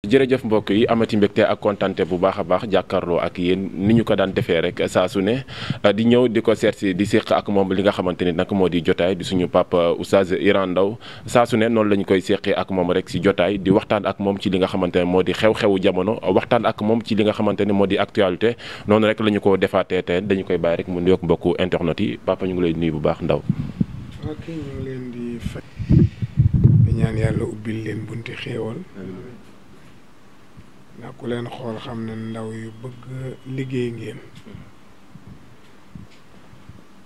jërëjëf mbokk yi amati mbégte ak kontante bu baax a baax jàkkaarloo ak yéen ni ñu ko daan defee rek saa su ne euh, di ñëw di ko seet si di séq ak moom li nga xamante ni nag moo di jotaay di suñu papa euh, oustaz Iran Ndao saa ne noonu la koy séqee ak moom rek si jotaay di waxtaan ak moom ci li nga xamante ne moo di xew-xewu jamono waxtaan ak moom ci li nga xamante ne moo di actualité noonu rek lañu ñu ko defaatee tey dañu koy bàyyi rek mu nuyoog mbokku internet yi papa ñu ngi lay nuyu bu baax ndaw ok ñu ngi ndax ku leen xool xam ne ndaw yu bëgg liggéey ngeen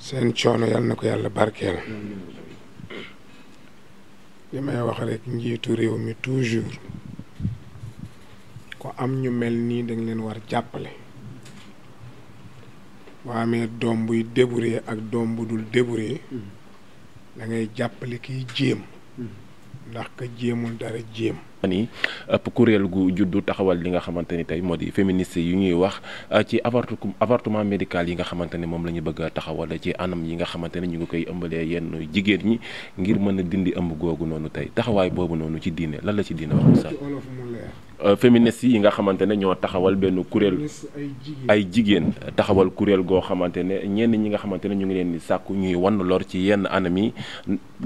seen coono yal na ko yàlla barkeel li may wax rek njiitu réew mi toujours ku am ñu mel nii dañ leen war jàppale waa doom buy débouré ak doom bu dul débouré hmm. dangay ngay jàppale kiy jéem hmm. ndax ka jéemul dara jéem ni ëpp kuréel gu juddu taxawal li nga xamante ni tey moo di féministe yu ñuy wax euh, ci avortement médical yi nga xamante ne moom la ñu bëgg a taxawal ci anam yi nga xamante ne ñu ngi koy ëmbalee yenn jigéen ñi ngir mën a dindi ëmb googu noonu tey taxawaay boobu noonu ci diine lan la ci diine wax. Euh, féministes yi nga xamante ne ñoo taxawal benn kuréel ay jigéen taxawal kuréel goo xamante ne ñenn ñi nga xamante ne ñu ngi leen di sàkku ñuy wan lor ci yenn anam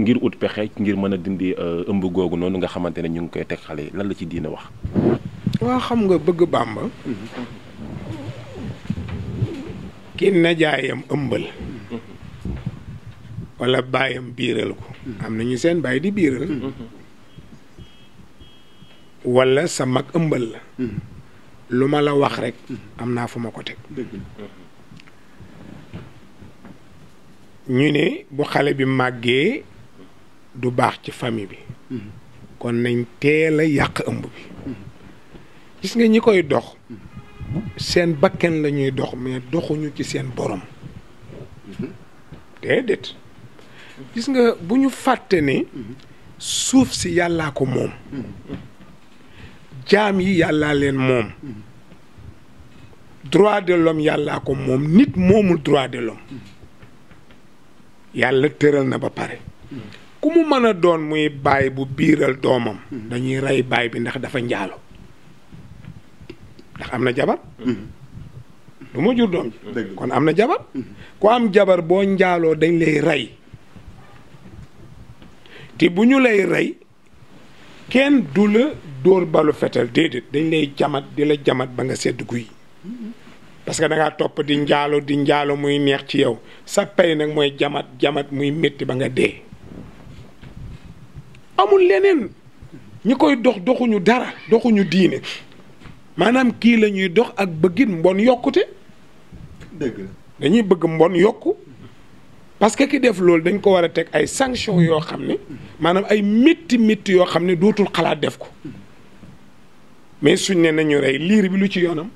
ngir ut pexe ngir mën a dindi euh, ëmb googu noonu nga xamante ne ñu ngi koy teg xale yi lan la ci diina wax. waa xam nga bëgg Bàmba. ki najaayam ëmbal. wala baayam biiral ko. am na ñu seen baay di biiral. wala sa mag ëmbal la hmm. lu ma la wax rek hmm. am naa fu ma ko teg hmm. ñu ne bu xale bi màggee du baax ci famille bi kon nañ teel a yàq ëmb bi gis nga ñi koy dox seen bakken lañuy ñuy dox mais doxuñu ci seen borom déedéet gis nga bu ñu fàtte ne suuf si yàllaa ko moom jaam yi yàllaa leen moom droit de l'homme yàllaa ko moom nit moomul droit de l'homme yàlla tëral na ba pare ku mu mën a doon muy baay bu biiral doomam dañuy rey baay bi ndax dafa njaalo ndax am na jabar du ma jur doom ji kon am na jabar ku am jabar boo njaaloo dañ lay rey te bu ñu lay rey kenn du la dóor balu fetal déedéet dañ lay jamat di la jamat ba nga sedd guy parce que da ngaa njaalo di njaalo muy neex ci yow sa pay nag mooy jamat jamat muy métti ba nga dee amul leneen ñi koy dox doxuñu dara doxuñu diine maanaam kii la ñuy dox ak bëggin mbon yokkute dëgg dañuy bëgg mbon yokku parce que ki def loolu dañ ko war a teg ay sanctions yoo xam ne maanaam ay métti métti yoo xam ne dootul xalaat def ko mais suñ ne nañu rey liir bi lu ci yoonam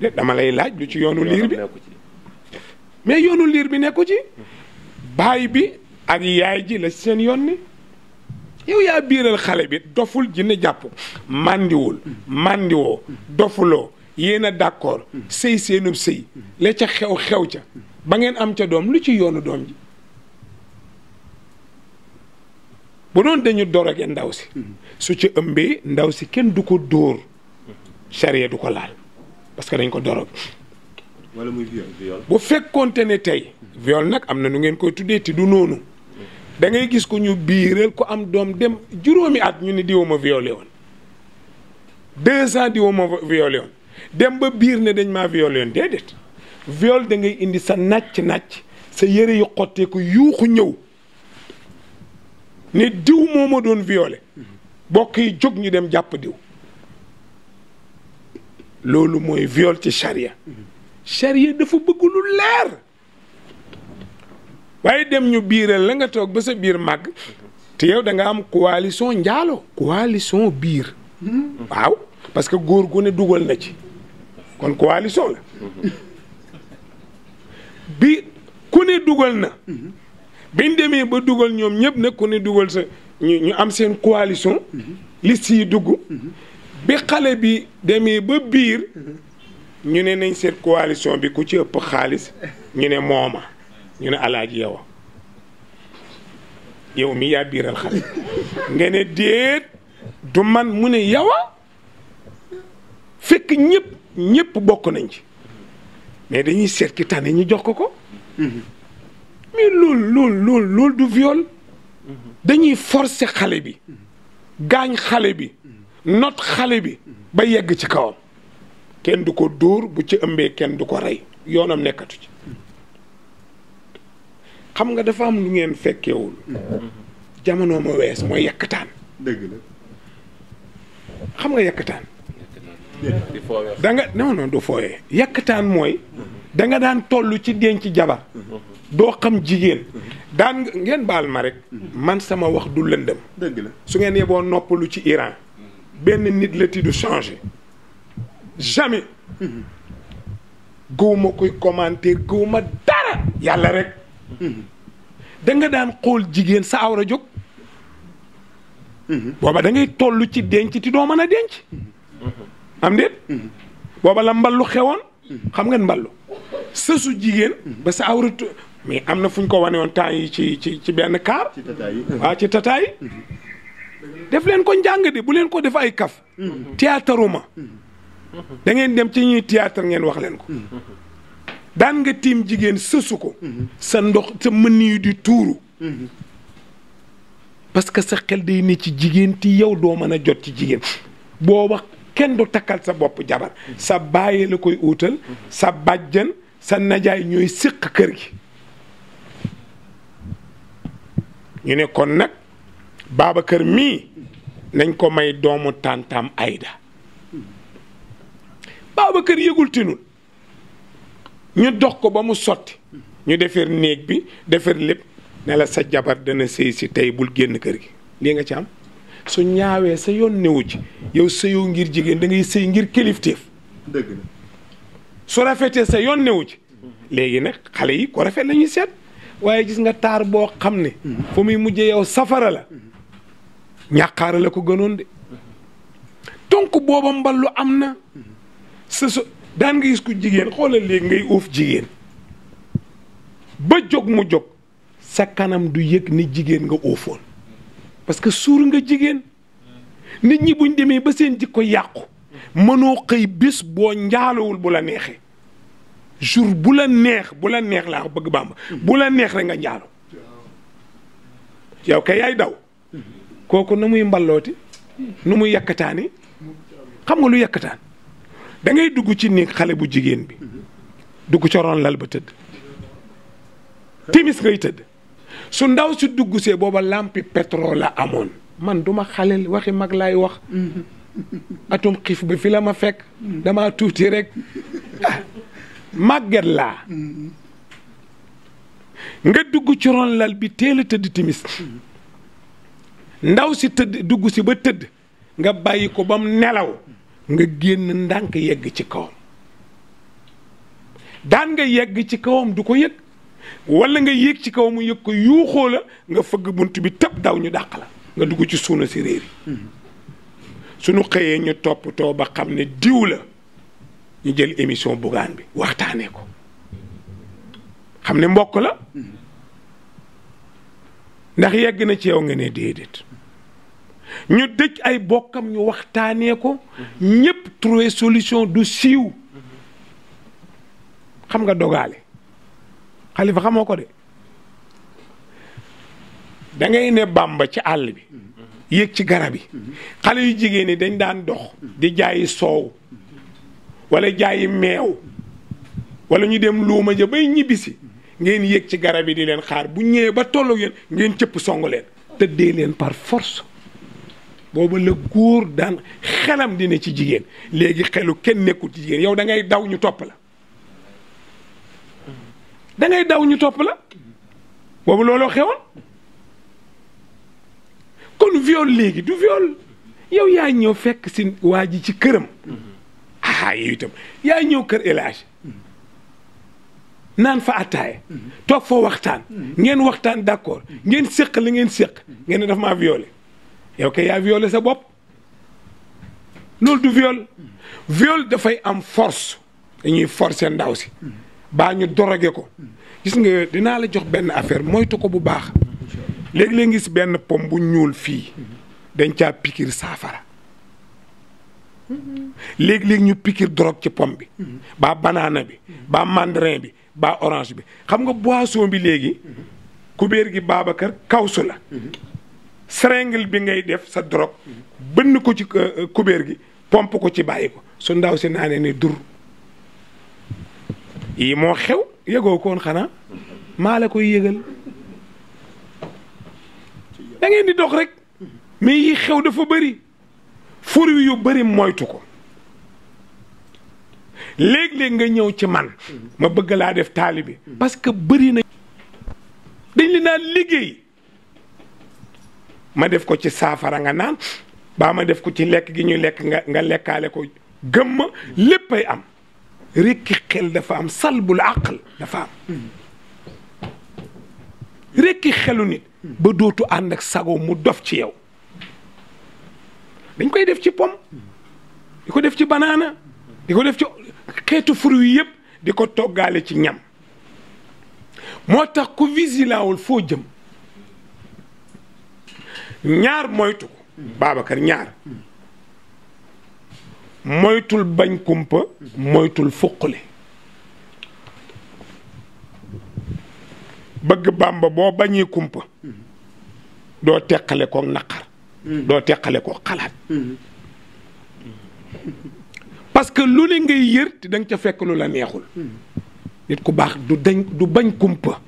de dama lay laaj lu ci yoonu liir bi mais yoonu liir bi nekku ci baay bi ak yaay ji la seen yoon ni yow yaa biiral xale bi doful jinne jàpp màndiwul màndiwoo dofuloo yéen a d'accord sëy seenub sëy la ca xew xew ca ba ngeen am ca doom lu ci yoonu doom ji bu doon dañu doroge ndaw si mm-hmm. su ci ëmbee ndaw si kenn du ko dóor charia du ko laal parce que dañ ko dorog wala muy viol viol bu fekkoonte ne tey viol nag am na nu ngeen koy tuddee ti du noonu da ngay gis ko ñu biiral ko am doom dem juróomi at ñu ne diwuma viole woon deux ans diwuma violé woon dem ba biir ne dañ maa violé woon déedéet viol da indi sa nàcc-nàcc sa yére yu xotteeku yuuxu ñëw ne diw moo doon viole bokk yi jóg ñu dem jàpp diw loolu mooy viol ci charia charia dafa bëgg lu leer waaye dem ñu biiral la nga toog ba sa biir màgg te yow da nga am coalition njaalo coalition biir hmm? waaw parce que góor gu ne dugal na ci kon coalition la bi ku ne dugal na biñ demee ba dugal ñoom ñëpp nag ne dugal sa ñu am seen coalition liste si dugg bi xale bi demee ba biir ñu ne nañ seet coalition bi ku ci ëpp xaalis ñu ne mooma ñu ne alaaj yow yow mi yaa biiral xale nga ne déet du man mu ne yowa fekk ñépp ñëpp bokk nañ ci mais dañuy seet ki tànn ñu jox ko ko. mais loolu loolu loolu du viol. dañuy forcer xale bi. gaañ xale bi. not xale bi. ba yegg ci kawam. kenn du ko dóor bu ci ëmbee kenn du ko rey yoonam nekkatu ci. xam nga dafa am lu ngeen fekkewul. jamono ma wees mooy yekkataan. dëgg xam nga yekkataan. da nga non non du fooyee yàkkataan mooy da nga daan tollu ci denc jabar doo xam jigéen daan ngeen baal ma rek man sama wax du lëndëm dëgg la su ngeen yeboo noppalu ci Iran benn nit la ti du changé jamais gëwuma koy commentaire gëwuma dara yàlla rek da nga daan xool jigéen sa awra jóg mhm. booba da ngay toll ci denc ti doo mën a denc am déet booba la mballu xewoon xam ngeen mballu sësu jigéen ba sa awratu mais am na fu ñu ko wane woon temps yi ci ci ci benn kaar waaw ci tataay ah, def leen ko njàng de bu leen ko def ay kaf théâtre ma dangeen dem ci ñuy théâtre ngeen wax leen ko daan nga tiim jigéen sësu ko sa ndox sa mën yu di tuuru parce que sa xel day ne ci jigéen ti yow doo mën a jot ci jigéen boo wax kenn du takkal sa bopp jabar sa bàyyi la koy uutal sa bàjjan sa najaay ñooy séq kër gi ñu ne kon nag kër mii nañ ko may doomu tàntaam Ayda Babacar yëgul tinul ñu dox ko ba mu sotti ñu defar néeg bi defar lépp ne la sa jabar dana sëy si tey bul génn kër gi lii nga ci am su ñaawee sa yoon newu ci yow sëyoo ngir jigéen da ngay sëy ngir kilifteef. dëgg la su rafetee sa yoon newu ci. léegi nag xale yi ko rafet la ñuy seet waaye gis nga taar boo xam ne. fu muy mujjee yow safara la. ñàqaara la ko gënoon de. donc booba mballu am na. sa so daan nga gis ku jigéen xoolal léegi ngay uuf jigéen. ba jóg mu jóg. sa kanam du yëg ni jigéen nga uufoon. parce que suur nga jigéen nit ñi buñ demee ba seen jikko yàqu mënoo xëy bis boo njaalowul bu la neexee jour bu la neex bu la neex laa bëgg bàmba bu la neex rek nga njaalo yow kay yaay daw kooku nu muy mballooti nu mu yakkataani xam nga lu yakkataan da ngay dugg ci néeg xale bu jigéen bi dugg coron lal ba tëdd timis ngay tëdd su ndaw si dugg see booba lampi pétrole la amoon man duma xale xalel waxi mag laay wax mm-hmm. atum xiif bi fi la ma fekk mm-hmm. dama tuuti rek mm-hmm. màgget laa nga dugg ci ron lal bi teel a tëdd timis ndaw si tëdd dugg si ba tëdd nga bàyyi ko ba mu nelaw nga génn ndànk yegg ci kawam daan nga yegg ci kawam du ko yëg walla nga yéeg ci kaw mu yëg ko yuuxoo la nga fëgg bunt bi tëb daw ñu dàq la nga dugg ci suuna si réer yi suñu xëyee ñu toppatoo ba xam ne diw la ñu jël émission bugaan bi waxtaanee ko xam ne mbokk la ndax yegg na ci yow nga ne déedéet ñu dëj ay bokkam ñu waxtaanee ko ñépp trouver solution du siiw xam nga dogaale xalifa xamoo ko de da ne bàmba ci àll bi yéeg ci garab yi xale yu jigéen yi dañ daan dox di jaayi soow wala jaayi meew wala ñu dem luuma ja bay ñibbisi ngeen yéeg ci garab yi di leen xaar bu ñëwee ba tollu yéen ngeen cëpp song leen tëddee leen par force booba la góor daan xelam dina ci jigéen léegi xelu kenn nekkul ci jigéen yow dangay daw ñu topp la da daw ñu topp la boobu looloo xewoon kon viol léegi du viol yow yaa ñëw fekk si waa ji ci këram aa ah, yow itam yaa ñëw kër élage naan fa attaaya toog foo waxtaan ngeen waxtaan d'accord ngeen séq li ngeen séq ngeen ne daf maa violé yow kay yaa violé sa bopp loolu du viol viol dafay am force dañuy seen daw si baa ñu doroge ko gis nga dinaa la jox benn affaire moytu ko bu baax léegi-léeg ngis benn pom bu ñuul fii dañ caa pikir saafara léegi-léegi ñu pikir drogue ci pom bi baa banaana bi baa mandarin bi baa orange bi xam nga boisson bi léegi kubéer gi Babacar kawsu la seringue bi ngay def sa drogue bënn ko ci euh, kubéer gi pompe ko ci bàyyi ko su ndaw si naanee ne dur yii moo xew yégoo koon xanaa maa la koy yëgal da di dox rek mais yi xew dafa bari fur wi yu bari moytu ko léeg-léeg nga ñëw ci man ma bëgg laa def taalibi parce que bëri na dañ li naan liggéey ma def ko ci saafara nga naan baa ma def ko ci lekk gi ñuy lekk nga nga lekkaale ko gëm ma léppay am rekki xel dafa am salbul aql dafa am rekki xelu nit ba dootu ànd ak sago mu dof ci yow dañ koy def ci pom di ko def ci banaana di ko def ci xeetu fruit yëpp di ko toggaale ci ñam moo tax ku vigilaawul foo jëm ñaar moytu ko Babacar ñaar moytul bañ kumpa moytul fuqle bëgg bàmba boo bañee kumpa doo teqale ko naqar doo teqale ko xalaat parce que lu ne ngay yër te da ca fekk lu la neexul nit ku baax du dañ du bañ kumpa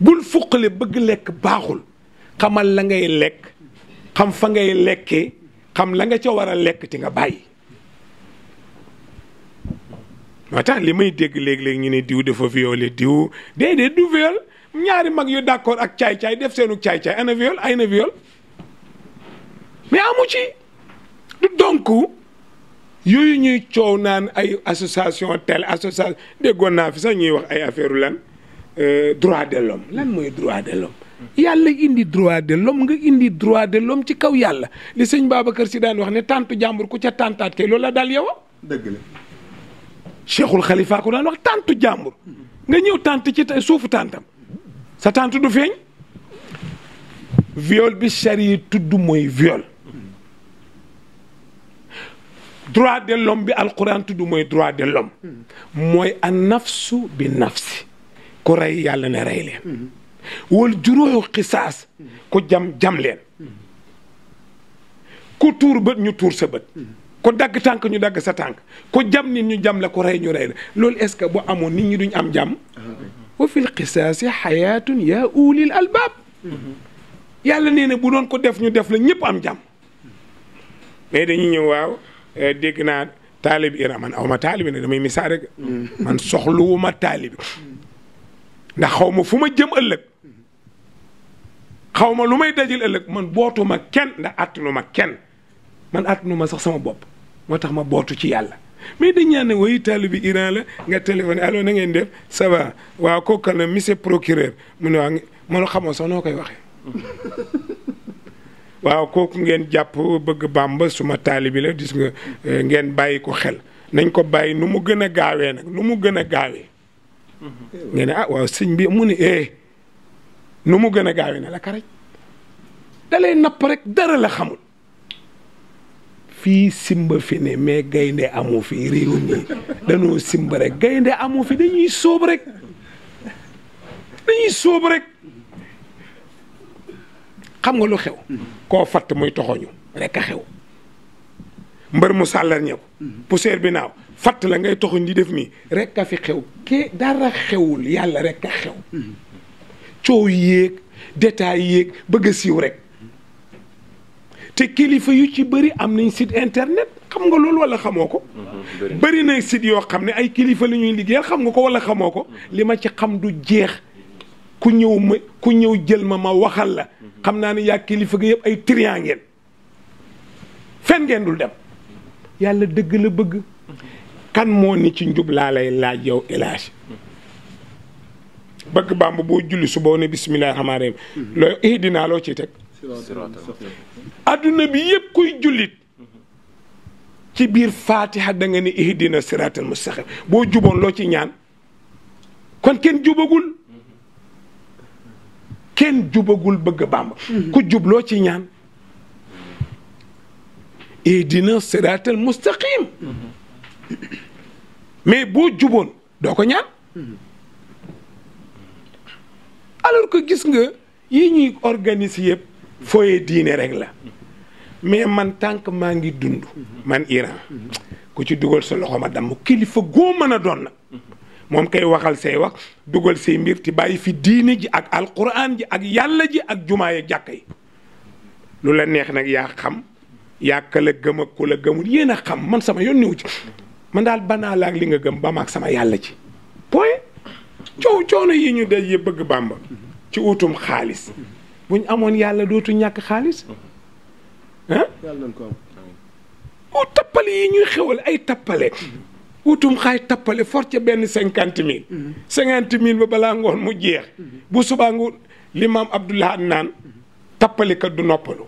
bul fuqale bëgg lekk baaxul xamal la ngay lekk xam fa ngay lekkee xam la nga ca war a lekk ti nga bàyyi moo tax li may dégg léeg-léeg ñu ne diw dafa violé diw déedéet du viol ñaari mag yu d'accord ak caay-caay def seenu caay-caay ana viol ay na viol mais amu ci du donc yooyu ñuy coow naan ay association telle association déggoon naa fi sax ñuy wax ay affaire lan euh, droit de l'homme lan mooy droit de l'homme yàlla indi droit de l'homme nga indi droit de l'homme ci kaw yàlla li sëñ kër Si daan wax ne tàntu jàmbur ku ca tàntaat kay loolu la daal yow dëgg la cheikhul xalifa ko daan wax tàntu jàmbur nga ñëw tànt ci suufu tàntam sa tànt du feeñ viol bi charia tudd mooy viol droit de l'homme bi alquran tudd mooy droit de l'homme mooy an nafsu bi nafsi ku rey yàlla ne rey leen wal juróoxu xisaas ku jam jam leen ku tuur bët ñu tuur sa bët ko dagg tànk ñu dagg sa tànk ko jam nit ñu jam la ku rey ñu rey la loolu est-ce que bu amoon nit ñi duñ am jàmm wa fil qisaasi xayaatun yaa ulil albaab yàlla nee bu doon ko def ñu def la ñëpp am jàmm mais dañu ñëw waaw eh, dégg naa taalib ira man aw ma taalibi ne damay misaal rek mm. man soxluwuma taalibi ndax xaw ma fu ma jëm ëllëg xaw ma lu may dajil ëllëg man bootu ma kenn ndax attanu ma kenn man attanu ma sax sama bopp moo tax ma bootu ci yàlla mais di ñaan ne wayu taalibe bi Iran la nga téléphoné allo na ngeen def ça va waaw kooku la monsieur procureur mu ne waa mënu xamoo sax noo koy waxee waaw kooku ngeen jàpp bëgg Bàmba suma taalibe bi la gis nga eh, ngeen bàyyi ko xel nañ ko bàyyi nu mu gën a gaawee nag nu mu gën a gaawee mhm. ngeen ne ah waaw sëñ bi mu ne eh nu mu gën a gaawee ne la karaj da napp rek dara la xamul fii simba fi ne mais gaynde amu fi réew mi danoo simba rek gaynde amu fi dañuy sóob rek dañuy sóob rek xam nga lu xew koo fatt muy toxoñu rek a xew mbër mu sàllar ñëw poussière bi naaw fatt la ngay toxoñ di def mi rek a fi xew ke dara xewul yàlla rek a xew coow yéeg détail yéeg bëgg a siiw rek te kilifa yu ci bëri am nañ sit internet xam nga loolu walla xamoo ko. Mm-hmm. bëri na site yoo xam ne ay kilifa lañuy ñuy liggéeyal xam nga ko wala xamoo ko mm-hmm. li ma ci xam du jeex ku ñëw ma ku ñëw jël ma ma waxal la. Mm-hmm. xam naa ne yaa kilifa gi yëpp ay trian ngeen fen ngeen dul dem yàlla dëgg la bëgg. kan moo ni ci njub lay laaj yow El bëgg bàmb boo julli su boo ne bisimilah rahmaani rahiim mhm. loo ihdinaa loo ciy teg adduna bi yëpp kuy jullit ci biir faatiha danga nga ne ihdina siraatal mustaqim boo juboon loo ci ñaan kon kenn jubagul kenn jubagul bëgg bàmb mhm. ku jub loo ci ñaan ihdina siraatal mustaqim mhm. mais boo juboon doo ko ñaan alors que gis nga yi ñuy organiser yëpp fooyee diine rek la mais man tànk maa ngi dund man Iran ku ci dugal sa loxo ma damm kilifa goo mën a doon na moom kay waxal say wax dugal say mbir ti bàyyi fi diine ji ak alquran ji ak yàlla ji ak jumaa yi jàkka yi lu la neex nag yaa xam yaa ka la gëm ak ku la gëmul yéen a xam man sama yoon niwu ci man daal banaa ak li nga gëm ba maag sama yàlla ci coow coono yi ñu dajee bëgg bàmba ci utum xaalis buñ amoon yàlla dootu ñàkk xaalis ah u tappale yi ñuy xewal ay tappale utum xaay tappale for benn cinquante mille cinquante mille ba balaa ngoon mu jeex bu subaa ngu limaam Abdullah naan tappalekat du noppalu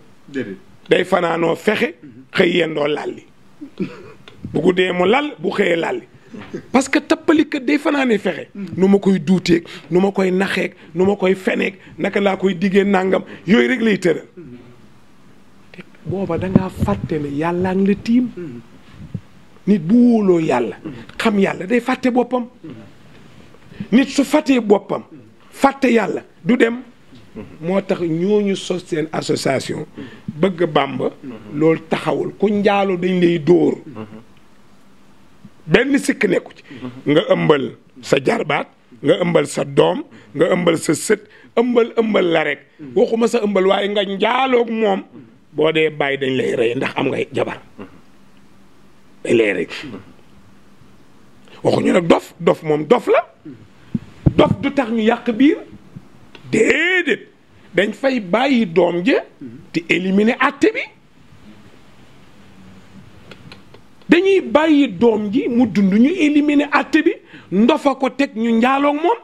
day fanaanoo fexe xëy yendoo lalli bu guddee mu lal bu xëyee lalli parce que tappalikat day fanaanee fexe nu ma koy duuteeg nu ma koy naxeeg nu ma koy feneeg naka laa koy diggee nangam yooyu rek lay tëral booba dangaa fàtte ne yàllaa ngi la tiim nit bu wóoloo yàlla xam yàlla day fàtte boppam nit su fàttee boppam fàtte yàlla du dem moo tax ñooñu sos seen association bëgg Bàmba loolu taxawul ku njaaloo dañ lay dóor benn sikk nekku ci nga ëmbal sa jarbaat nga ëmbal sa doom nga ëmbal sa sët ëmbal ëmbal la rek waxuma sa ëmbal waaye nga njaaloog moom boo dee bàyyi dañ lay rey ndax am ngay jabar dañ lay rey waxuñu nag dof dof moom dof la dof du tax ñu yàq biir déedéet dañ fay bàyyi doom je te éliminer àtte bi dañuy bàyyi doom ji mu dund ñu éliminer àtte bi ndofa ko teg ñu njaaloog moom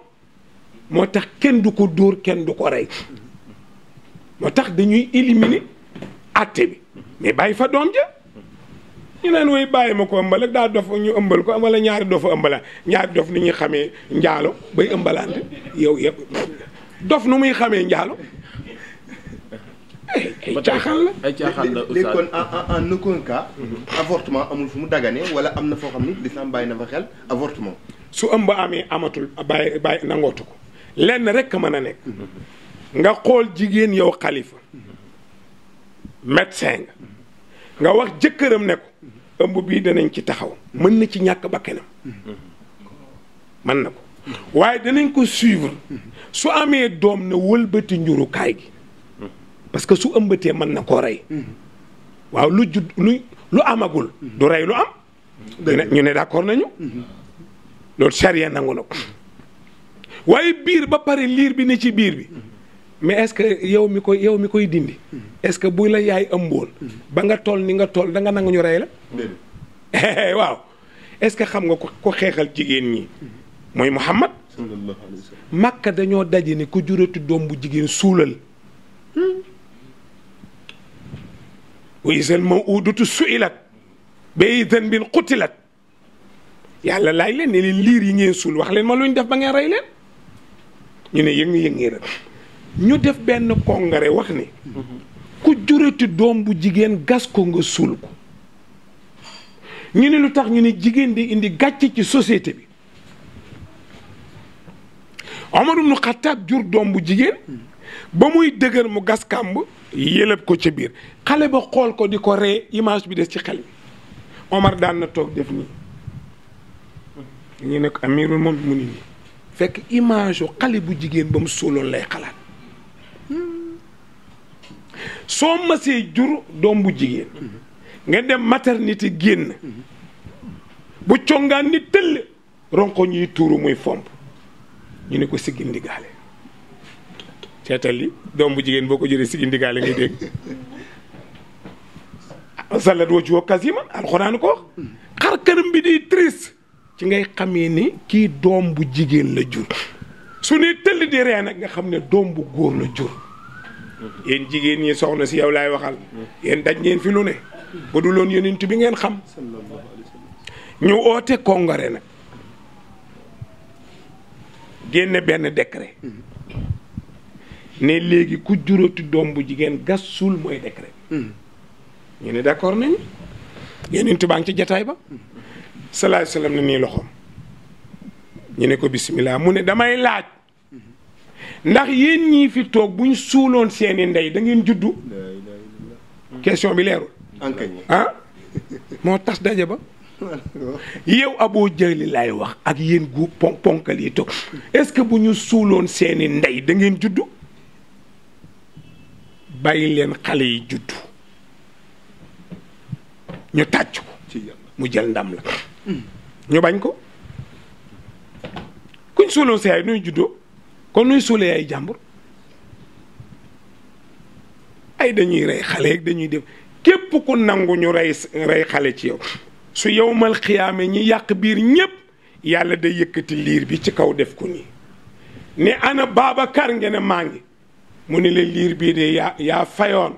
moo tax kenn du ko dóor kenn du ko rey moo tax dañuy éliminer àtte bi mais bàyyi fa doom ja ñu naan way bàyyi ma ko ëmbal ak daa dof ñu ëmbal ko wala ñaari dofa ëmbala ñaari dof ni ñuy xamee njaalo bay ëmbalante yow yow dof nu muy xamee njaalo ay caaxaan la ay caaxaan la léegi en aucun cas avortement amul fu mu dagane wala am na foo xam ni lislaam bàyyi na fa xel avortement su ëmb amee amatul bàyyi bàyyi nangootu ko lenn rek a mën a nekk nga xool jigéen yow xalifa médecin nga nga wax jëkkëram ne ko ëmb bii danañ ci taxaw mën na ci ñàkk bakkanam mën na ko waaye danañ ko suivre su amee doom na wëlbati njurukaay gi parce que su ëmbatee mën na koo rey waaw lu judd lu lu amagul du rey lu am ñu ne d'accord nañu loolu charia nangu na ko waaye biir ba pare liir bi ne ci biir bi mais est-ce que yow mi koy yow mi koy dindi est-ce que bu la yaay ëmboon ba nga toll ni nga toll da nga nangu ñu rey la waaw est-ce que xam nga ko xeexal jigéen ñi mooy Muhammad makka dañoo daje ni ku jurati doom bu jigéen suulal wa isal mawudatu suilat bi zanbin qutilat yàlla laaj leen ne liir yi ngeen suul wax leen ma luñ def ba ngeen rey leen ñu ne yëngu yëngu rek ñu def benn congrès wax ni ku jurati doom bu jigéen gas ko nga suul ko ñu ne lu tax ñu ne jigéen di indi gàcc ci société bi Omar ibn Khattab jur doom bu jigéen ba muy dëgër mu gas kàmb yëlëb ko ca biir xale ba xool ko di ko ree image bi des ci xel bi Omar daan na toog def nii ñu ne ko amirul moom mu ni nii fekk image yu xale bu jigéen ba mu sóoloon lay xalaat soo masee jur doom bu jigéen nga dem maternité génn bu congaan ni tëll ronko ñuy tuuru muy fomp ñu ne ko siggi ndigaale teetal li doom bu jigéen boo ko jëlee si indigaale ngay dégg salat woo ci woo kasiman alxuraan ko xar këram bi di triste ci ngay xamee ni kii doom bu jigéen la jur su ne tëll di ree nag nga xam ne doom bu góor la jur yéen jigéen ñi soxna si yow laay waxal yéen daj ngeen fi lu ne bu du loon yonent bi ngeen xam ñu oote kongore nag génne benn décret ne léegi ku juróoti doom bu jigéen gas suul mooy décret. Hmm. ñu ne d'accord nañ yeneen tubaa ci jataay ba salaay salaam ne nii ñu ne ko bisimilah mu ne damay laaj ndax yéen ñii fi toog buñ suuloon seeni ndey da ngeen juddu question bi leerul ah moo tas daje ba yow aboo jëli lay wax ak yéen guub pon ponkal yi toog est-ce que bu ñu suuloon seeni ndey da ngeen juddu bàyyi leen xale yi juddu ñu tàcc ko mu jël ndam la ñu bañ ko kuñ suuloo si yaay nuy juddoo kon nuy suulee ay jàmbur ay dañuy rey xale ak dañuy def képp ku nangu ñu rey xale ci yow su yowmal xiyaame ñi yàq biir ñépp yàlla day yëkkati liir bi ci kaw def ko nii ne ana Babacar ngeen ne maa ngi mu ni la liir bii de yaa yaa fayoon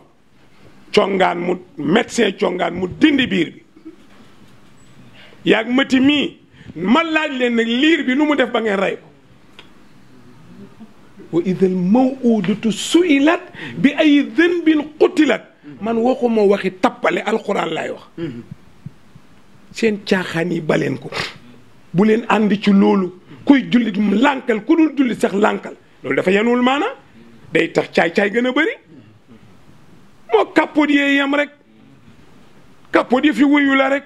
congaan mu médecin congaan mu dindi biir bi yaag mëti mii ma laaj leen nag liir bi nu mu def ba ngeen rey ko wa idal mawudatu suilat bi ay dënbin qutilat man waxuma waxi tappale alxuraan laay wax seen caaxaan yi baleen ko bu leen ànd ci loolu kuy jullit mu lànkal ku dul jullit sax lànkal loolu dafa yenuwul maanaam day tax caay-caay gën a bari moo kàppoot yee yem rek kàppoot yi fi wuyu la rek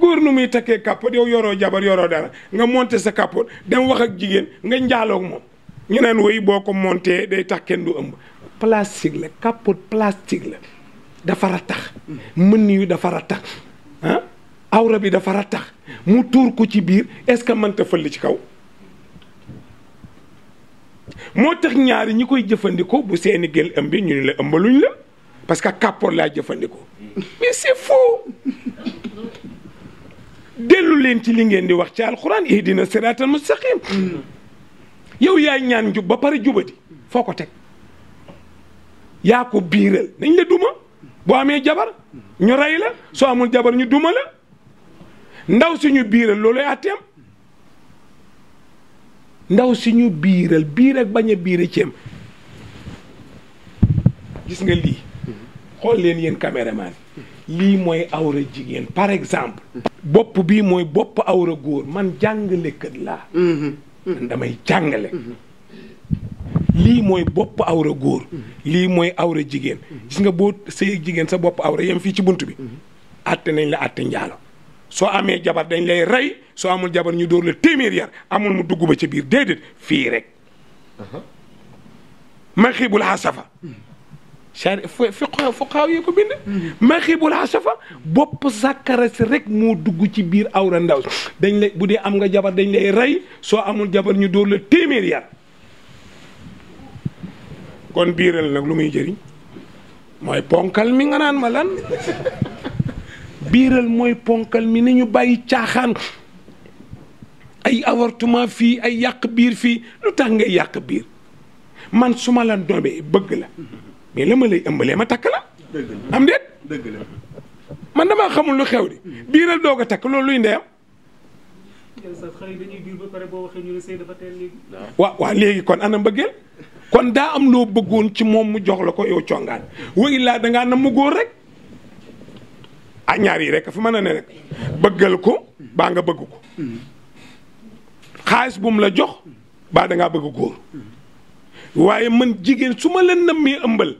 góor nu muy takkee kàppoot yow yoroo jabar yoroo dara nga monte sa kàppoot dem wax ak jigéen nga njaaloog moom ñu naan boo ko monté day tax kenn du ëmb plastique la kàppoot plastique la dafa rattax mën yu dafa rattax ah awra bi dafa rattax mu tuur ku ci biir est-ce que mënta fël ci kaw moo tax ñaari ñi koy jëfandikoo bu seeni gel ëmb ñu ne la ëmbaluñ la parce que kàppoor laa jëfandikoo mais c'est faux dellu leen ci li ngeen di wax ci alxuraan ihdina siraatal mustaqim yow yaay ñaan njub ba pare jubadi foo ko teg yaa ko biiral nañ la duma boo amee jabar ñu rey la soo amul jabar ñu duma la ndaw suñu biiral loolu atteem ndaw si ñu biiral biir ak bañ a biira ceem gis nga lii xool leen yéen caméraman lii mooy awra jigéen par exemple bopp bii mooy bopp awra góor man jàngalekat laa man damay jàngale lii mooy bopp awra góor lii mooy awra jigéen gis nga boo sëy jigéen sa bopp awra yem fii ci bunt bi àtte nañ la àtte njaalo soo amee jabar dañ lay rey soo amul jabar ñu dóor la téeméer yar amul mu dugg ba ca biir déedéet fii rek maxibul xasafa sari fi fo xaaw bopp sàkkara si rek moo dugg ci biir awra ndaw dañ bu dee am nga jabar dañ lay rey soo amul jabar ñu dóor la téeméer yar kon biiral nag lu muy jëriñ mooy ponkal mi nga naan ma lan biiral mooy ponkal mi ni ñu bàyyi caaxaan ay avortement fii ay yàq biir fii lu tax ngay yàq biir man su ma la ndomee bëgg la mais la ma lay ëmbalee ma takk la. am déet dëgg la man damaa xamul lu xew di biiral doog a takk loolu luy ndeyam. waaw waaw léegi kon ana mbëggeel kon daa am loo bëggoon ci moom mu jox la ko yow congaan wa illaa dangaa nam mu góor rek a ah, ñaar yi rek fu man a ne rek bëggal ko baa nga bëgg ko mm-hmm. xaalis bu mu la jox baa dangaa bëgg góor waaye man jigéen su ma la nammee ëmbal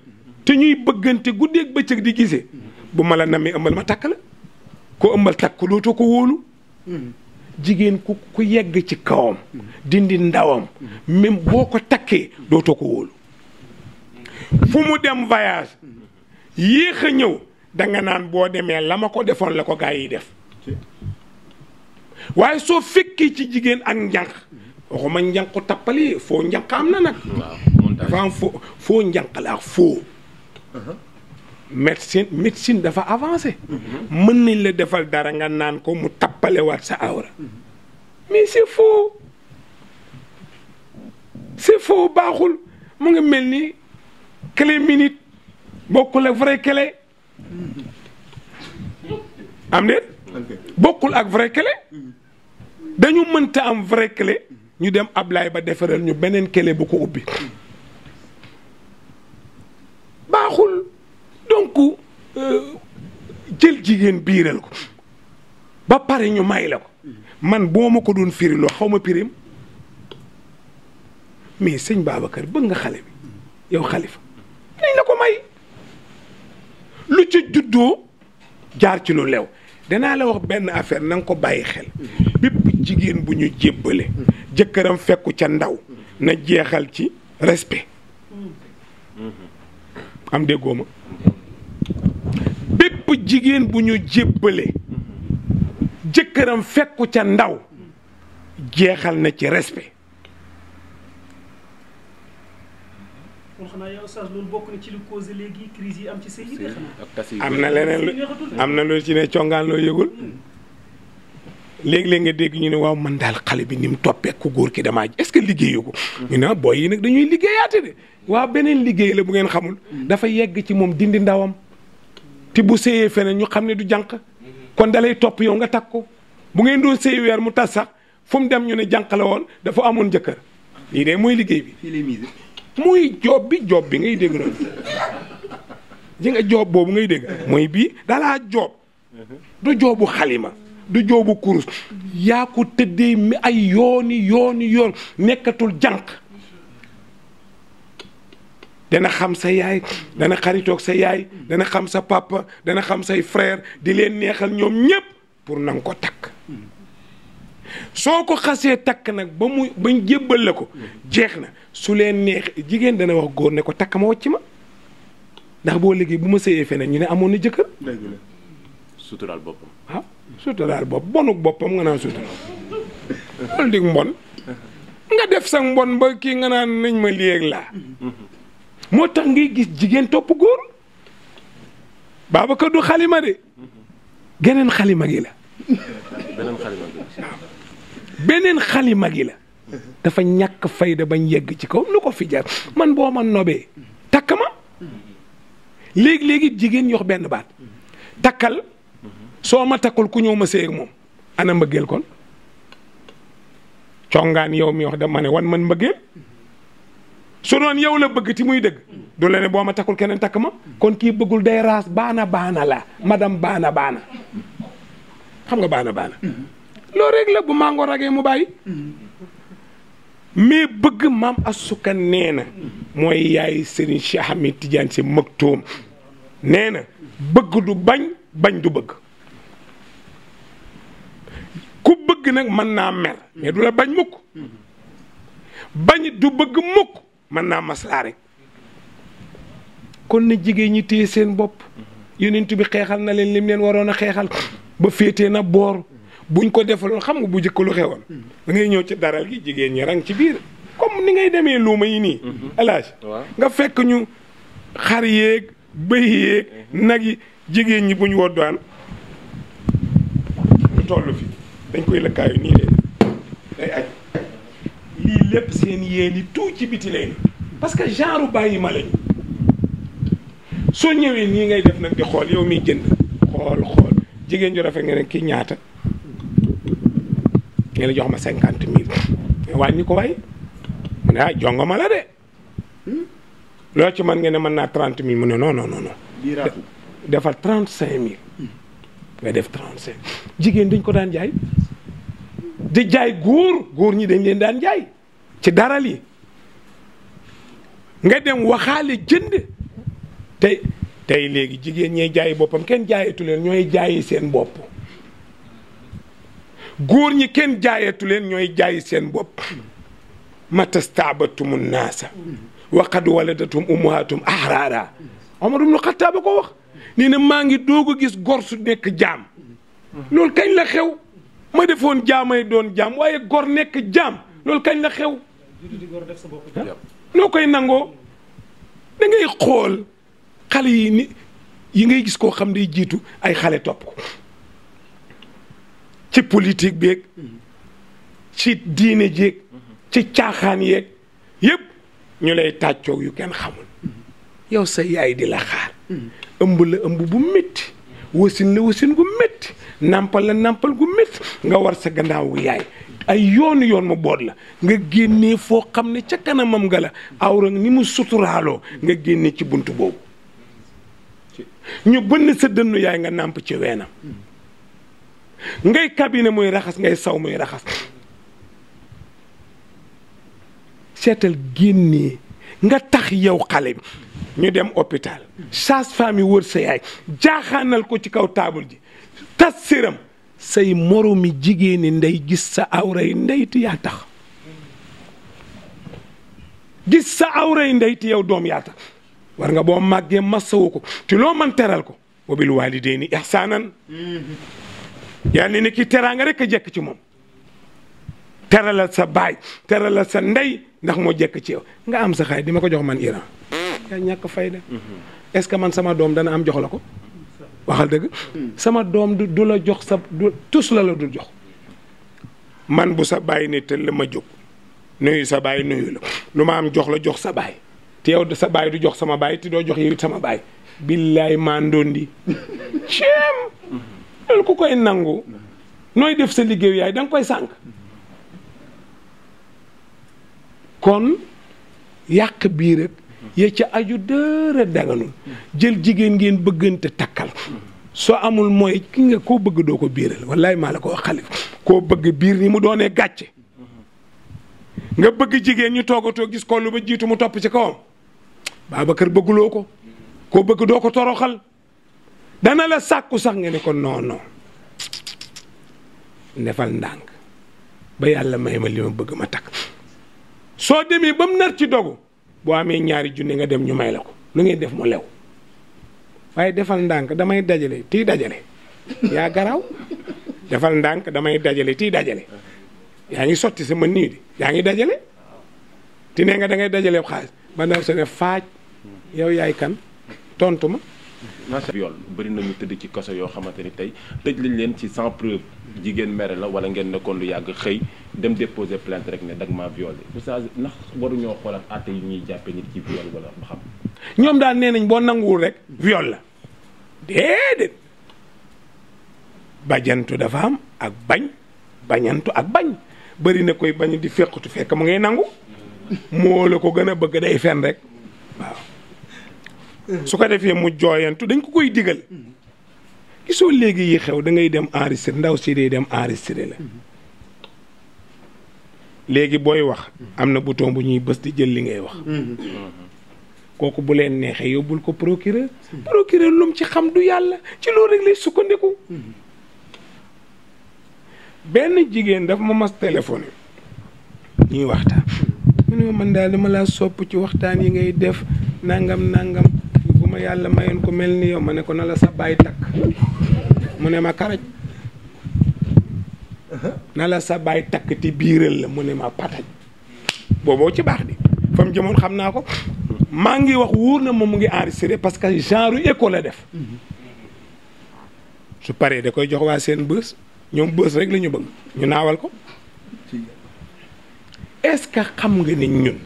te ñuy bëggante guddeeg bëccëg di gisee bu ma la nammee ëmbal ma takk la ko ëmbal takk ko dootoo ko wóolu jigéen ku ku yegg ci kawam dindi ndawam même boo ko takkee dootoo ko wóolu fu mu dem voyage yéex a ñëw danga naan boo demee la ma ko defoon la ko gaa yi def waaye soo fekkee ci jigéen ak njànq waxuma njànqu tappali foo njànq am na nag dafa am foo foo njànq ak foo uh-huh. médecine médecine dafa avancé uh-huh. mën nañ la defal dara nga naan ko mu tappalewaat sa awra mais c'est faux c'est faux baaxul mu nga mel ni clé minute bokkul ak vrai clé mm-hmm. am déet bokkul ak vrai clé mm-hmm. dañu mënta am vrai ñu dem Ablaye ba defaral ñu beneen kele bu ko ubbi baaxul donc euh, jël jigéen biiral ko ba pare ñu may la ko man boo ma ko doon firiloo xaw ma pirim mais sëñ Babacar bëgg nga xale bi yow xalifa nañ la ko may lu ca juddoo jaar ci lu lew danaa la wax benn affaire na nga ko bàyyi xel bépp jigéen bu ñu jébbale jëkkëram fekku ca ndaw na jeexal ci respect am déggoo ma bépp jigéen bu ñu jébbale jëkkëram fekku ca ndaw jeexal na ci respect kon xanaa yow Oustaz loolu bokk ci lu causé léegi crise yi am na leneen lu am na loolu ci ne congaan loo yëgul hmm. léegi-léeg nga dégg ñu ne waaw man daal xale bi ni mu toppee ku góor ki damaa est-ce que liggéeyu ko hmm. ñu ne ah, booy yi nag dañuy liggéeyaate de waaw beneen liggéey la bu ngeen xamul hmm. dafa yegg ci moom dindi ndawam te bu séyee feneen ñu xam ne du jànq kon dalay topp yow nga takk ko bu ngeen doon séy weer mu tas sax fu mu dem ñu ne jànq la woon dafa amoon jëkkër lii de mooy liggéey bi muy joob bi joob bi ngay dégg noonu ji nga joob boobu ngay dégg mooy bii dalaa joob du joobu xalima du joobu kurus yaa ko tëddee mi ay yooni yooni yoon nekkatul jànq dana xam sa yaay dana xaritoog sa yaay dana xam sa papa dana xam say frère di leen neexal ñoom ñépp pour nanga ko takk soo ko xasee takk nag ba mu bañ jébbal la ko jeex na su leen neex jigéen dana wax góor ne ko takk ma wàcc ma ndax boo liggéey bu ma sëyee feneen ñu ne amoon na jëkkër. dëgg la suturaal boppam. ah suturaal bopp bonuk boppam nga naan suturaal loolu dig def sax mbon ba kii nga naan nañ ma léeg laa moo tax ngay gis jigéen topp góor Babacar du xalima de geneen xalima gi la. beneen xalima gi. beneen mag yi la dafa ñàkk fayda bañ yegg ci kaw lu ko fi jar man boo man nobee takk ma léegi-léegi jigéen yox benn baat takkal soo ma takkul ku ñëw ma séy ak moom ana mbëggeel kon congaan yow mi wax dama ne wan man mbëggeel su doon yow la bëgg ti muy dëgg du la ne boo ma takkul keneen takk ma kon kii bëggul day raas baana baana la madame baana baana xam nga baana baana loo rek la bu mango ragee mu bàyyi mais bëgg maam asuka nee na mooy yaay Serigne xam Ahmed Tidiane si Maktoum nee na bëgg du bañ bañ du bëgg ku bëgg nag mën naa mer mais du la bañ mukk bañ du bëgg mukk mën naa maslaa rek kon na jigéen ñi téye seen bopp yonent bi xeexal na leen lim leen waroon a xeexal ba féetee na boor buñ ko defaloon xam nga bu njëkk lu xewoon. Hmm. da ngay ñëw ci daral gi jigéen ñi rang ci biir comme ni ngay demee lu ma yi nii. Hmm. alaaj nga fekk ñu xar yeeg bëy yeeg hmm. nag yi jigéen ñi buñ woddaan lu toll fi dañ koy lëkkaayu nii de lii lépp seen yéeli tout ci biti lay parce que genre bàyyi ma lañu soo ñëwee nii ngay def nag di xool yow miy jënd xool xool jigéen ñu rafet nga ne kii ñaata. ne la jox ma cinquante mille wàññi ko waay mu ne ay ah, jongo ma la de loo ci mën ngee ne mën naa trente mille mu ne non non non non defal trente cinq mille def trente jigéen dañ ko daan jaay di jaay góor góor ñi dañ leen daan jaay ci dara lii nga dem waxaale jënd tey tey léegi jigéen ñee jaay boppam kenn jaayatu leen ñooy jaayi seen bopp góor ñi kenn jaayeetu leen ñooy jaayi seen bopp matastaabatum naasa wa qad waladatum ummahatum ahraara Omar ibnu Xattaab ko wax nee na maa ngi doog a gis gor su nekk jaam loolu kañ la xew ma defoon jaamay doon jaam waaye gor nekk jaam loolu kañ la xew noo koy nangoo da ngay xool xale yi ni yi ngay gis koo xam day jiitu ay xale topp ko ci politique beeg ci diine jéeg ci caaxaan yeeg yépp ñu lay tàccoog yu kenn xamul yow sa yaay di la xaar ëmb la ëmb bu métti wasin la wasin gu métti nàmpal la nàmpal gu métti nga war sa gannaaw gu yaay ay yoonu yoon mu boot la nga génnee foo xam ne ca kanamam ga la awra ni mu suturaaloo nga génne ci bunt boobu ñu bënn sa dënnu yaay nga nàmp ci weenam ngay cabinet mooy raxas ngay saw muy raxas seetal génnee nga tax yow xale bi ñu dem hôpital sage-femme yi wër sa yaay jaaxaanal ko ci kaw taabul ji tas séram say moromi jigéeni ndey gis sa awra yi ndeyti yaa tax gis sa awra yi ndeyti yow doom yaa tax war nga boo màggee masawu ko ci man teral ko wa bil waalidayni ihsaanan yaa ne ki teraanga rek a jekk ci moom terala sa baay teralal sa ndey ndax moo jekk ci yow nga am sa xaay di ma ko jox man Iran yaa ñàkk fayda est-ce que man sama doom dana am jox la ko waxal dëgg sama doom du du la jox sa du tus la la dul jox man bu sa baay ne te la ma jóg nuyu sa baay nuyu la lu ma am jox la jox sa baay te yow sa baay du jox sama baay te doo jox yow sama baay billaay maa ndondi ceem loolu ku koy nangu nooy def sa liggéeyu yaay da koy sànq kon yàq bii rek ya ca aju dëra daganul jël jigéen ngeen bëggante takkal soo amul mooy ki nga koo bëgg doo ko biiral wallaay maa la ko wax koo bëgg biir ni mu doonee gàcce nga bëgg jigéen ñu toogatoo gis ko lu ba jiitu mu topp ci kawam kër bëgguloo ko koo bëgg doo ko toroxal dana la sàkku sax nga ne ko non non defal ndànk ba yàlla may ma li bëgg ma takk soo demee ba mu nar ci dogu boo amee ñaari junni nga dem ñu may la ko lu ngay def mu lew waaye defal ndànk damay dajale tii dajale yaa garaaw defal ndànk damay dajale tii dajale yaa ngi sotti sama nii di yaa ngi dajale ti nee nga dangay dajale xaalis ba ndaw sa ne faaj yow yaay kan tontu ma viol bëri nañu tëdd ci kaso yoo xamante ni tey tëj lañ leen ci sans preuve jigéen mere la wala ngeen nekkoon lu yàgg xëy dem déposer plainte rek ne dag maa violé oustaz ndax waruñoo xoolaat àtte yi ñuy jàppe nit ci viol wala ba xam ñoom daal neenañ boo nanguwul rek viol la déedéet bajantu dafa am ak bañ bañantu ak bañ bëri ne koy bañ di fekkutu fekk mu ngay nangu moo la ko gën a bëgg day fen rek su ko defee mu jooyantu dañ ko koy digal gisoo léegi yi xew dangay ngay dem enregistré ndaw si day dem enregistré la léegi booy wax am na bouton bu ñuy bës di jël li ngay wax kooku bu leen neexee yóbbul ko procureur procureur lum ci xam du yàlla ci loolu rek lay sukkandiku benn jigéen daf ma mas téléphone ñuy waxtaan mu ne ma man daal dama laa sopp ci waxtaan yi ngay def nangam nangam bu ma yàlla mayoon ko mel ni yow ma ne ko na sa baay takk mu ne ma karaj na la sa baay takk ti biiral la mu ne ma pataj booboo ci baax di fa mu jëmoon xam naa ko maa ngi wax wóor na moom mu ngi enregistré parce que genre école la def su paree da koy jox waa seen bës ñoom bës rek lañu bëgg ñu naawal ko est-ce que xam nga nit ñun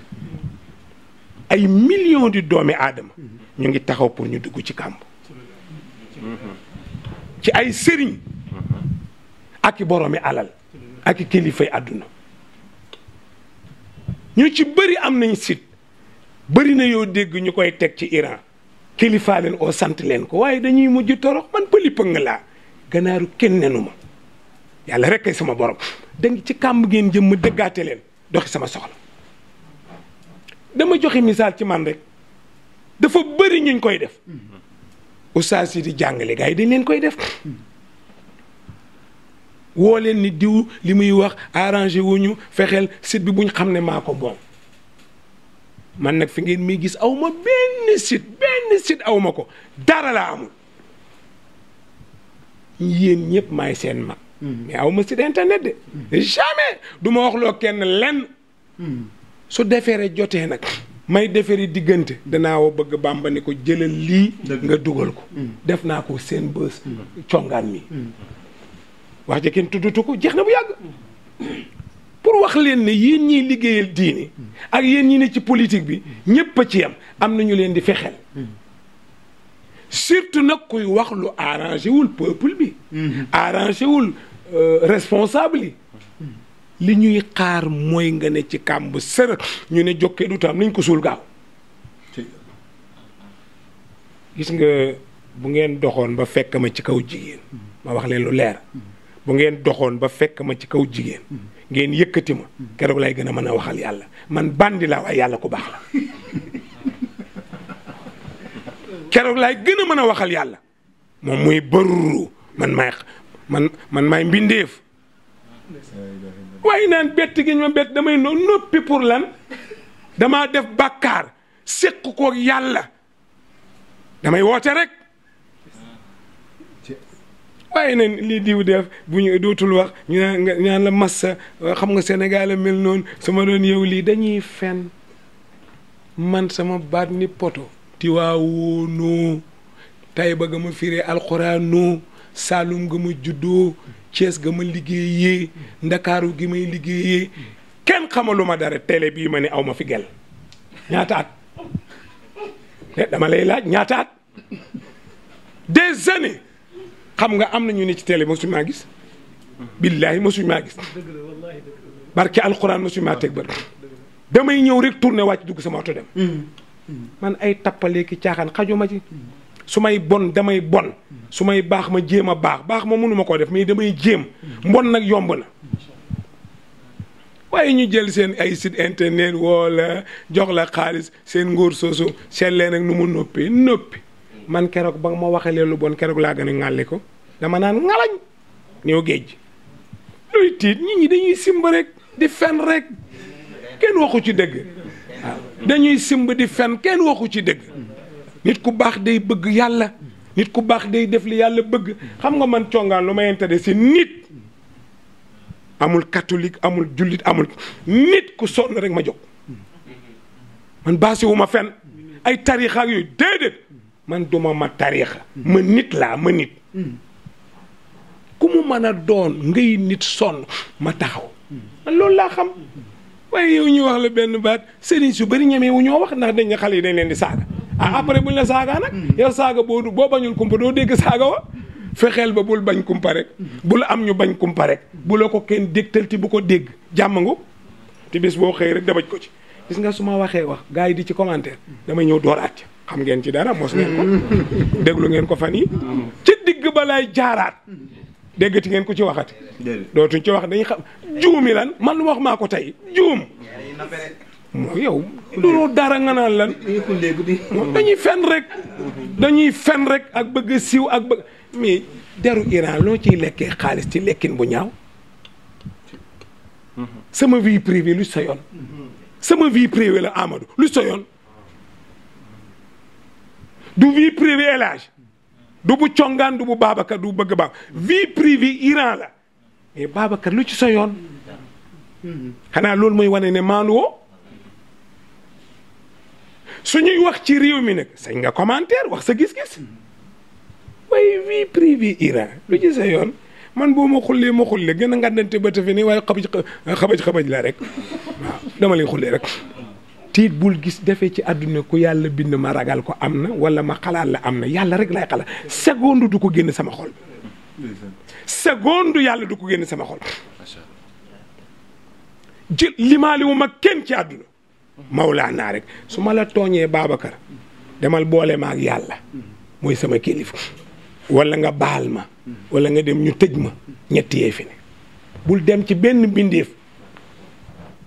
ay millions di doomi aadama ñu ngi taxaw pour ñu dugg ci kàmb ci ay sëriñ ak i boroomi alal ak i kilifay àdduna ñu ci bëri am nañ sit bëri na yoo dégg ñu koy teg ci Iran kilifaa leen oo sant leen ko waaye dañuy mujj torox man pëli pëng laa ganaaru kenn nenu ma yàlla rek ay sama borom da ci kàmb ngeen jëm ma dëggaate leen doxi sama soxla dama joxe misaal ci man rek dafa bari ñuñ koy def ustaas yi di jàngale gars dañ leen koy def woo leen ni diw li muy wax arrangé wuñu fexeel site bi buñ xam ne maa ko moom man nag fi ngeen muy gis aw ma benn site benn site aw ko dara laa amul yéen ñëpp maay seen mag mm. mais aw ma site internet de mm. jamais du ma wax loo kenn lenn mm. su defeere jotee nag may deferi diggante danaa wa bëgg bàmba ni ko jëlal lii nga dugal ko mm. def naa ko seen bës mm. congaan mi mm. wax kenn tuddutu ko jeex na bu yàgg pour wax leen ne yéen ñiy liggéeyal diini ak yéen ñi ne ci politique bi ñépp a ci yam am na ñu leen di fexeel surtout nag koy wax lu arrangé wul peuple bi mm-hmm. arrangé wul euh, responsable yi li ñuy xaar mooy nga ne ci kàmb sër ñu ne jokkee du taam nañ ko suul gaaw gis nga bu ngeen doxoon ba fekk ma ci kaw jigéen ma wax leen lu leer bu ngeen doxoon ba fekk ma ci kaw jigéen ngeen yëkkati ma keroog lay gën a mën a waxal yàlla man bandi laa waaye yàlla ku baax la keroog laay gën a mën a waxal yàlla moom muy bërru man maay man maay mbindeef waaye naan bett gi ñu ma bett damay noppi pour lan damaa def bàkkaar séq ko yàlla damay woote rek waaye nag lii diw def bu ñu dootul wax ñu naan la massa xam nga Sénégal a mel noonu sama doon yow lii dañuy fen man sama baat ni poto tiwaawoo noo tay ba ga ma firee alxuraanoo saalum ga ma juddoo Thiès ga ma liggéeyee ndakaaru gi may liggéeyee kenn xamaluma dara télé bii ma ne aw ma fi gel ñaata at te dama lay laaj ñaataat at des années xam nga am na ñu ne ci télé mosuñu maa gis billaahi mosuñu maa gis barke alxuraan mosuñu maa teg ba damay ñëw rek tourné wàcc dugg sama oto dem mm. man ay tappaleeki caaxaan xajuma ci su may bon damay bon su may baax ma jéem a baax baax ma mënuma koo def mais damay jéem mbon nag yomb na waaye ñu jël seen ay site internet wala jox la xaalis seen nguur soosu seet leen ak nu mu noppi noppi man keroog ba ma waxalee lu bon keroog laa gën a ŋàlli ko dama naan ngalañ ñëw géej luy tiit nit ñi dañuy simb rek di fen rek kenn waxu ci dëgg dañuy simb di kenn waxu ci dëgg nit ku baax day bëgg yàlla nit ku baax day def li yàlla bëgg xam nga man congaan lu may intéressé nit amul katolik amul jullit amul nit ku sonn rek ma jox man baasi wu ma fen ay tariixa ak yooyu man duma ma tariixa ma nit laa ma nit ku mu mën a doon ngay nit sonn ma taxaw man loolu laa xam waaye yow ñuy wax la benn baat sëriñ su bari ñemee wu ñoo wax ndax dañ ne xale yi dañ leen di saaga ah après bu la saagaa nag hmm. yow saaga boo boo bañul kumpa doo dégg saaga wa fexeel ba bul bañ kumpa rek hmm. bul am ñu bañ kumpa rek bu la ko kenn dégtal ti bu ko dégg jàmmangu te bis boo xëy rek dabaj ko ci gis nga su ma waxee wax gars yi di ci commentaire damay ñëw dooraat ci xam ngeen ci dara mos ngeen ko hmm. déglu ngeen ko fan yi ci digg ba lay jaaraat déggati ngeen ko ci waxati dootuñ ci wax dañuy xam juumi lan man wax maa ko tey juum yow loolu dara nga naan lan dañuy fen rek dañuy fen rek ak bëgg siw ak bëgg mais deru Iran loo ci lekkee xaalis ci lekkin bu ñaaw sama vie privée lu sa yoon sama vie privée la Amadou lu sa yoon du vie privée élage du bu congaan du bu Babacar du bëgg baab vie privée Iran la mais Babacar lu ci sa yoon xanaa loolu mooy wane ne maandu su ñuy wax ci réew mi nag sañ nga commentaire wax sa gis-gis waaye vie privée Iran lu ci sa yoon man boo ma xullee ma xullee gën a ngàndante ba tafe nii waaye xabaj xabaj xabaj la rek waaw dama lay xullee rek tiit bul gis defee ci àdduna ku yàlla bind ma ragal ko am na wala ma xalaat la am na yàlla rek lay xalaat seconde du ko génn sama xol seconde yàlla du ko génn sama xol jël limaali wu ma kenn ci àdduna naa rek su ma la tooñee Babacar demal boole ma yàlla mooy sama kilifa wala nga baal ma wala nga dem ñu tëj ma ñetti yee bul dem ci benn mbindeef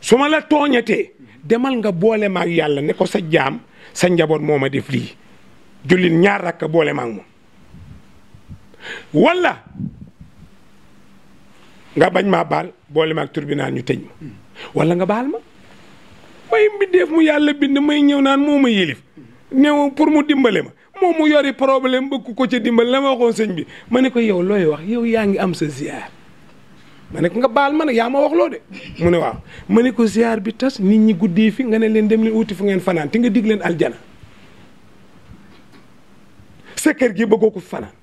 su ma la tooñatee demal nga boole yàlla ne ko sa jaam sa njaboot moo ma def lii ñaar rakk boole ma ak wala nga bañ maa baal boole ma ak ñu tëj ma wala nga baal ma may mbindeef mu yàlla bind may ñëw naan moo ma yilif néew pour mu dimbale ma moom mu yori problème bëgg ko ca dimbal la ma waxoon sëñ bi ma ne ko yow looy wax yow yaa ngi am sa ziar ma ne ko nga baal ma ne yaa ma wax loo de mu ne waaw ma ne ko ziar bi tas nit ñi guddee fi nga ne leen dem leen wuti fu ngeen fanaan te nga digleen leen aljana sa gi bëggoo ko fanaan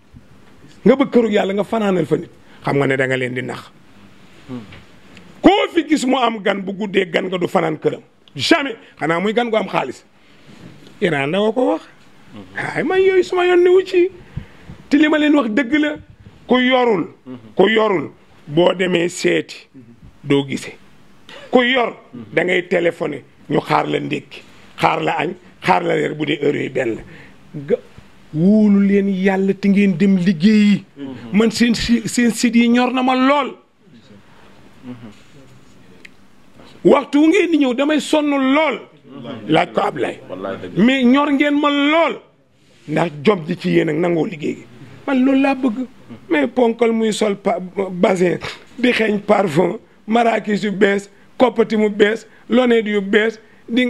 nga bëgg këru yàlla nga fanaanal fa nit xam nga ne danga leen di nax hmm. koo fi gis mu am gan bu guddee gan nga du fanaan këram jamais xanaa muy gan ko am xaalis Iran da ko wax. ay man yooyu suma yoon ne wu ci te li ma leen wax dëgg la ku yorul. ku yorul boo demee seeti doo gisee ku yor da ngay téléphoné ñu xaar la ndékki xaar la añ xaar la reer bu dee heure yi benn la. wóolu leen yàlla ti ngeen dem liggéeyi. Mm-hmm. man seen si seen sit yi ñor na ma lool. Mm-hmm. waxtu wu ngeen di ñëw damay sonnu lool laaj ko Ablaye mais ñor ngeen ma lool ndax jom ji ci yéen ak nangoo liggéey man loolu laa bëgg mais ponkal muy sol pa basin di xeeñ parfum marakis yu bees koppati mu bees lonet yu bees di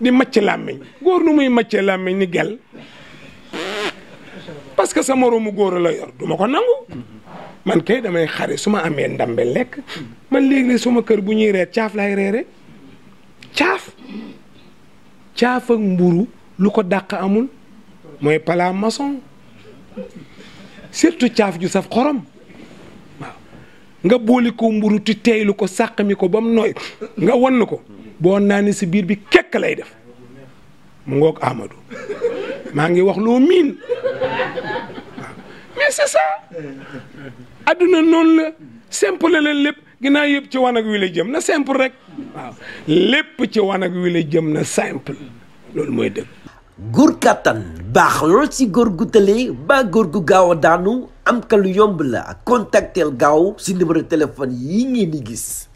di macc làmmiñ góor nu muy macce làmmiñ ni gel parce que sa moroomu góor la yor du ma ko nangu man kay damay xare su ma amee ndambe lekk man léegi-léeg sama kër bu ñuy reer caaf lay reere caaf caaf mburu lu ko dàq amul mooy pala maçon surtout caaf ju saf xorom nga booli ko mburu ti teeylu ko sàq mi ko bam nooy nga wann ko boo naa ni si biir bi kekk lay def mu ngoog Amadou maa ngi wax loo miin mais c'est ça noonu la simple la lépp ginnaaw yëpp ci wanag wi la jëm na simple rek waaw lépp ci wanag wi la jëm na simple loolu mooy dëgg. góor kàttan baax lool ci góor gu tële ba góor gu gaaw a daanu am ka lu yomb la contactel gaaw ci numéro téléphone yi ngeen di gis.